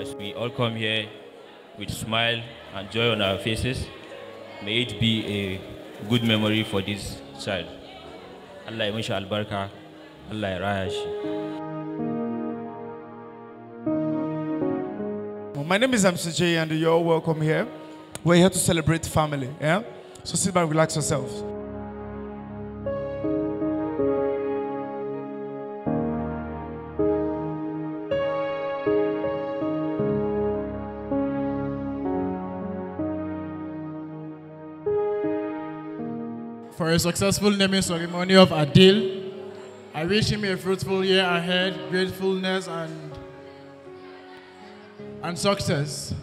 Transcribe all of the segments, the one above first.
as we all come here with smile and joy on our faces, may it be a good memory for this child. Allah al Allah My name is MCJ and you're welcome here. We're here to celebrate family, yeah? So sit back, relax yourself. For a successful naming ceremony of Adil, I wish him a fruitful year ahead, gratefulness and, and success.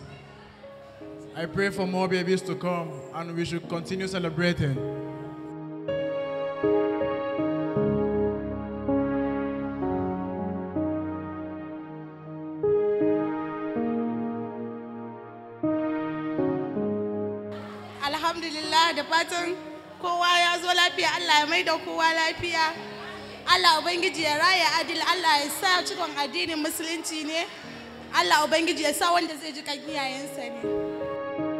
I pray for more babies to come and we should continue celebrating. Alhamdulillah the fatan kowa ya zo lafiya Allah ya mai da kowa lafiya Allah Ubangiji ya raya adil Allah ya sa cikon addinin musulunci ne Allah Ubangiji ya sa wanda zai ji kan iyayensa ne